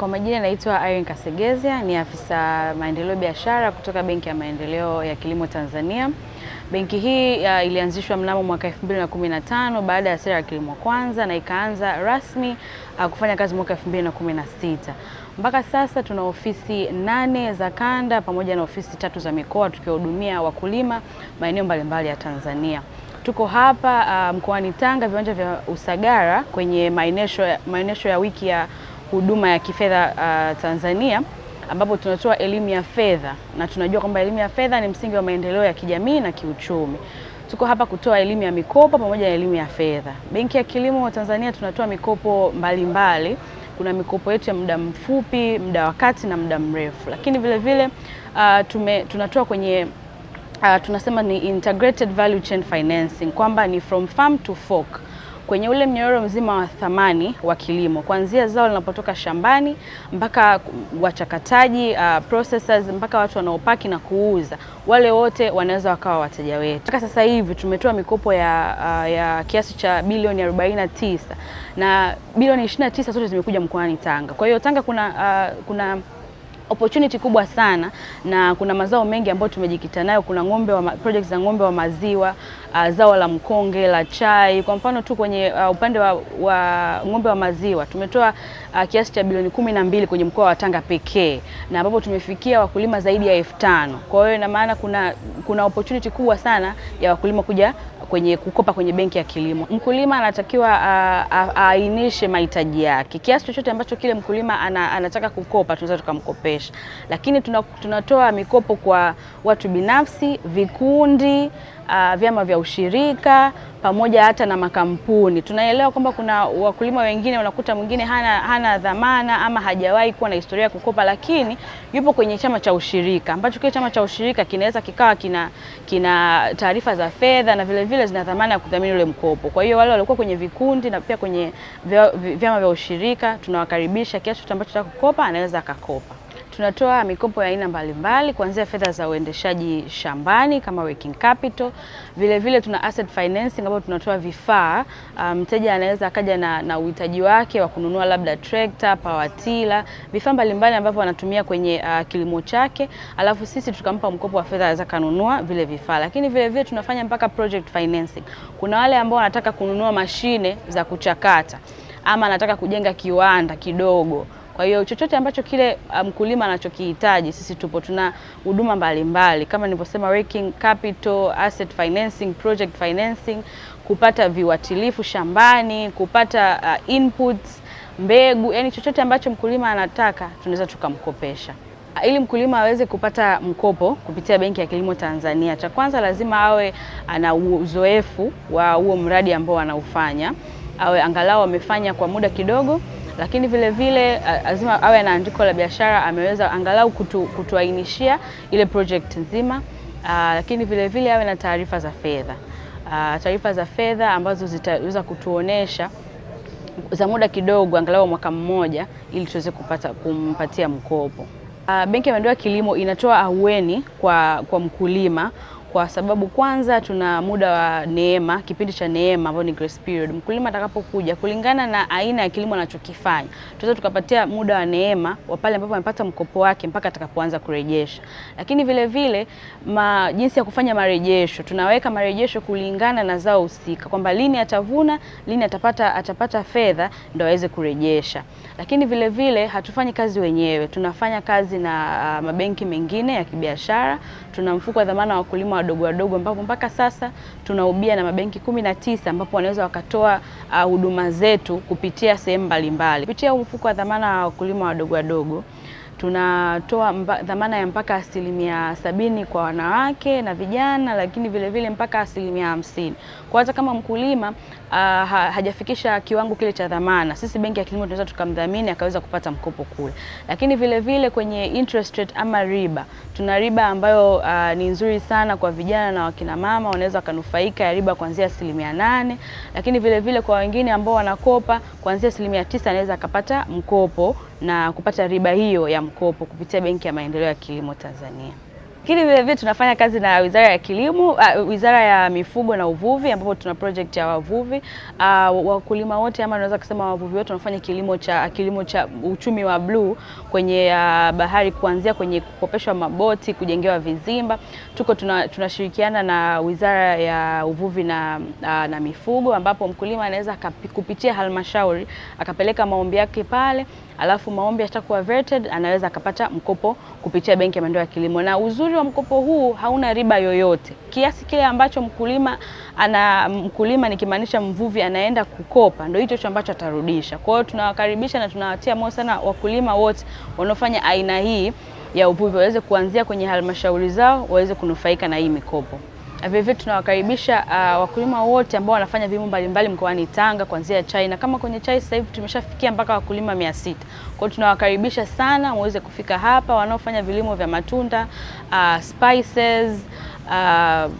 Kwa majina naitwa Irene Kasegezia, ni afisa maendeleo biashara kutoka Benki ya Maendeleo ya Kilimo Tanzania. Benki hii uh, ilianzishwa mnamo mwaka 2015 baada ya sera ya kilimo kwanza na ikaanza rasmi uh, kufanya kazi mwaka 2016. Mpaka sasa tuna ofisi nane za kanda pamoja na ofisi tatu za mikoa tukiwahudumia wakulima maeneo mbalimbali ya Tanzania. Tuko hapa uh, mkoani Tanga viwanja vya Usagara kwenye maonesho ya wiki ya huduma ya kifedha uh, Tanzania ambapo tunatoa elimu ya fedha na tunajua kwamba elimu ya fedha ni msingi wa maendeleo ya kijamii na kiuchumi. Tuko hapa kutoa elimu ya mikopo pamoja na elimu ya fedha. Benki ya Kilimo Tanzania tunatoa mikopo mbalimbali mbali. Kuna mikopo yetu ya muda mfupi, muda wa kati na muda mrefu, lakini vile vile uh, tume, tunatoa kwenye uh, tunasema ni integrated value chain financing kwamba ni from farm to fork kwenye ule mnyororo mzima wa thamani wa kilimo, kuanzia zao linapotoka shambani mpaka wachakataji uh, processors mpaka watu wanaopaki na kuuza, wale wote wanaweza wakawa wateja wetu. Mpaka sasa hivi tumetoa mikopo ya, uh, ya kiasi cha bilioni 49 na bilioni 29 zote zimekuja mkoani Tanga. Kwa hiyo Tanga kuna, uh, kuna opportunity kubwa sana na kuna mazao mengi ambayo tumejikita nayo. Kuna ng'ombe wa project za ng'ombe wa maziwa, uh, zao la mkonge, la chai. Kwa mfano tu kwenye uh, upande wa, wa ng'ombe wa maziwa tumetoa uh, kiasi cha bilioni kumi na mbili kwenye mkoa wa Tanga pekee na ambapo tumefikia wakulima zaidi ya elfu tano. Kwa hiyo ina maana kuna, kuna opportunity kubwa sana ya wakulima kuja kwenye kukopa kwenye benki ya kilimo. Mkulima anatakiwa aainishe mahitaji yake, kiasi chochote ambacho kile mkulima ana, anataka kukopa tunaweza tukamkopesha, lakini tunatoa mikopo kwa watu binafsi, vikundi uh, vyama vya ushirika pamoja hata na makampuni. Tunaelewa kwamba kuna wakulima wengine unakuta mwingine hana, hana dhamana ama hajawahi kuwa na historia ya kukopa, lakini yupo kwenye chama cha ushirika ambacho kile chama cha ushirika kinaweza kikawa kina, kina taarifa za fedha na vile vile zina dhamana ya kudhamini ule mkopo. Kwa hiyo wale waliokuwa kwenye vikundi na pia kwenye vyama vya ushirika tunawakaribisha, kiasi ambacho anataka kukopa anaweza akakopa. Tunatoa mikopo ya aina mbalimbali kuanzia fedha za uendeshaji shambani kama working capital, vile vile tuna asset financing ambapo tunatoa vifaa. Ah, mteja um, anaweza akaja na, na uhitaji wake wa kununua labda power pawatila, vifaa mbalimbali ambavyo anatumia kwenye uh, kilimo chake, alafu sisi tukampa mkopo wa fedha za kanunua vile vifaa. Lakini vile vile tunafanya mpaka project financing. Kuna wale ambao wanataka kununua mashine za kuchakata ama anataka kujenga kiwanda kidogo kwa hiyo chochote ambacho kile uh, mkulima anachokihitaji sisi tupo, tuna huduma mbalimbali kama nilivyosema, working capital, asset financing, project financing, kupata viuatilifu shambani, kupata uh, inputs, mbegu, yani chochote ambacho mkulima anataka tunaweza tukamkopesha. Uh, ili mkulima aweze kupata mkopo kupitia Benki ya Kilimo Tanzania, cha kwanza lazima awe ana uzoefu wa huo mradi ambao anaufanya, awe angalau amefanya kwa muda kidogo lakini vile vile lazima awe na andiko la biashara, ameweza angalau kutu, kutuainishia ile project nzima. Aa, lakini vile vile awe na taarifa za fedha, taarifa za fedha ambazo zitaweza kutuonesha za muda kidogo, angalau mwaka mmoja, ili tuweze kupata kumpatia mkopo. Benki ya Maendeleo ya Kilimo inatoa ahueni kwa, kwa mkulima kwa sababu kwanza tuna muda wa neema, kipindi cha neema ambao ni grace period. Mkulima atakapokuja kulingana na aina ya kilimo anachokifanya, tunaweza tukapatia muda wa neema wa pale ambapo amepata mkopo wake mpaka atakapoanza kurejesha. Lakini vile vile ma, jinsi ya kufanya marejesho, tunaweka marejesho kulingana na zao husika kwamba lini atavuna, lini atapata, atapata fedha ndio aweze kurejesha. Lakini vile vile hatufanyi kazi wenyewe, tunafanya kazi na ah, mabenki mengine ya kibiashara. Tuna mfuko wa dhamana wa wakulima wadogo wadogo, ambapo mpaka sasa tunaubia na mabenki kumi na tisa ambapo wanaweza wakatoa uh, huduma uh, zetu kupitia sehemu mbalimbali kupitia mfuko wa dhamana wa wakulima wadogo wadogo tunatoa dhamana ya mpaka asilimia sabini kwa wanawake na vijana, lakini vile vile mpaka asilimia hamsini kwa hata kama mkulima uh, hajafikisha kiwango kile cha dhamana, sisi benki ya kilimo tunaweza tukamdhamini akaweza kupata mkopo kule. Lakini vile vile kwenye interest rate ama riba, tuna riba ambayo uh, ni nzuri sana kwa vijana na wakina mama, wanaweza wakanufaika ya riba kuanzia asilimia nane, lakini vile vile kwa wengine ambao wanakopa kuanzia asilimia tisa anaweza akapata mkopo na kupata riba hiyo ya mkopo mkopo kupitia Benki ya Maendeleo ya Kilimo Tanzania. Lakini vile vile tunafanya kazi na Wizara ya Kilimo, uh, Wizara ya Mifugo na Uvuvi ambapo tuna project ya wavuvi uh, wakulima wote ama naweza kusema wavuvi wote wanafanya kilimo cha kilimo cha uchumi wa bluu kwenye uh, bahari kuanzia kwenye kukopeshwa maboti, kujengewa vizimba. Tuko tunashirikiana tuna na Wizara ya Uvuvi na, uh, na Mifugo ambapo mkulima anaweza kupitia halmashauri akapeleka maombi yake pale, alafu maombi yatakuwa vetted, anaweza akapata mkopo kupitia Benki ya Maendeleo ya Kilimo na uzuri Uzuri wa mkopo huu hauna riba yoyote. Kiasi kile ambacho mkulima ana mkulima nikimaanisha mvuvi anaenda kukopa ndio hicho ambacho atarudisha. Kwa hiyo tunawakaribisha na tunawatia moyo sana wakulima wote wanaofanya aina hii ya uvuvi waweze kuanzia kwenye halmashauri zao waweze kunufaika na hii mikopo. Vilevile eh, tunawakaribisha uh, wakulima wote ambao wanafanya vilimo mbalimbali mkoani Tanga kuanzia chai, na kama kwenye chai sasa hivi tumeshafikia mpaka wakulima mia sita. Kwa hiyo tunawakaribisha sana muweze kufika hapa, wanaofanya vilimo vya matunda uh, spices uh,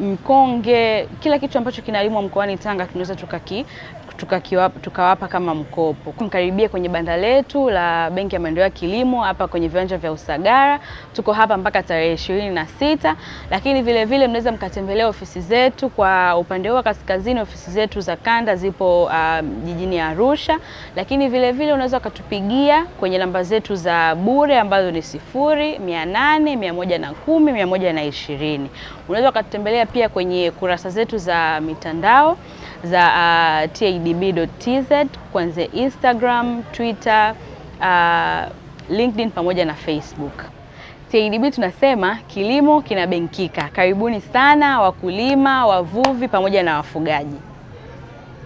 mkonge, kila kitu ambacho kinalimwa mkoani Tanga tunaweza tukaki tukawapa tuka kama mkopo kumkaribia kwenye banda letu la Benki ya Maendeleo ya Kilimo hapa kwenye viwanja vya Usagara. Tuko hapa mpaka tarehe ishirini na sita, lakini vilevile mnaweza mkatembelea ofisi zetu kwa upande wa kaskazini. Ofisi zetu za kanda zipo uh, jijini Arusha, lakini vilevile unaweza ukatupigia kwenye namba zetu za bure ambazo ni sifuri mia nane mia moja na kumi mia moja na ishirini. Unaweza ukatutembelea pia kwenye kurasa zetu za mitandao za uh, TADB.tz kuanzia Instagram, Twitter, uh, LinkedIn pamoja na Facebook. TADB tunasema kilimo kinabenkika. Karibuni sana wakulima, wavuvi pamoja na wafugaji.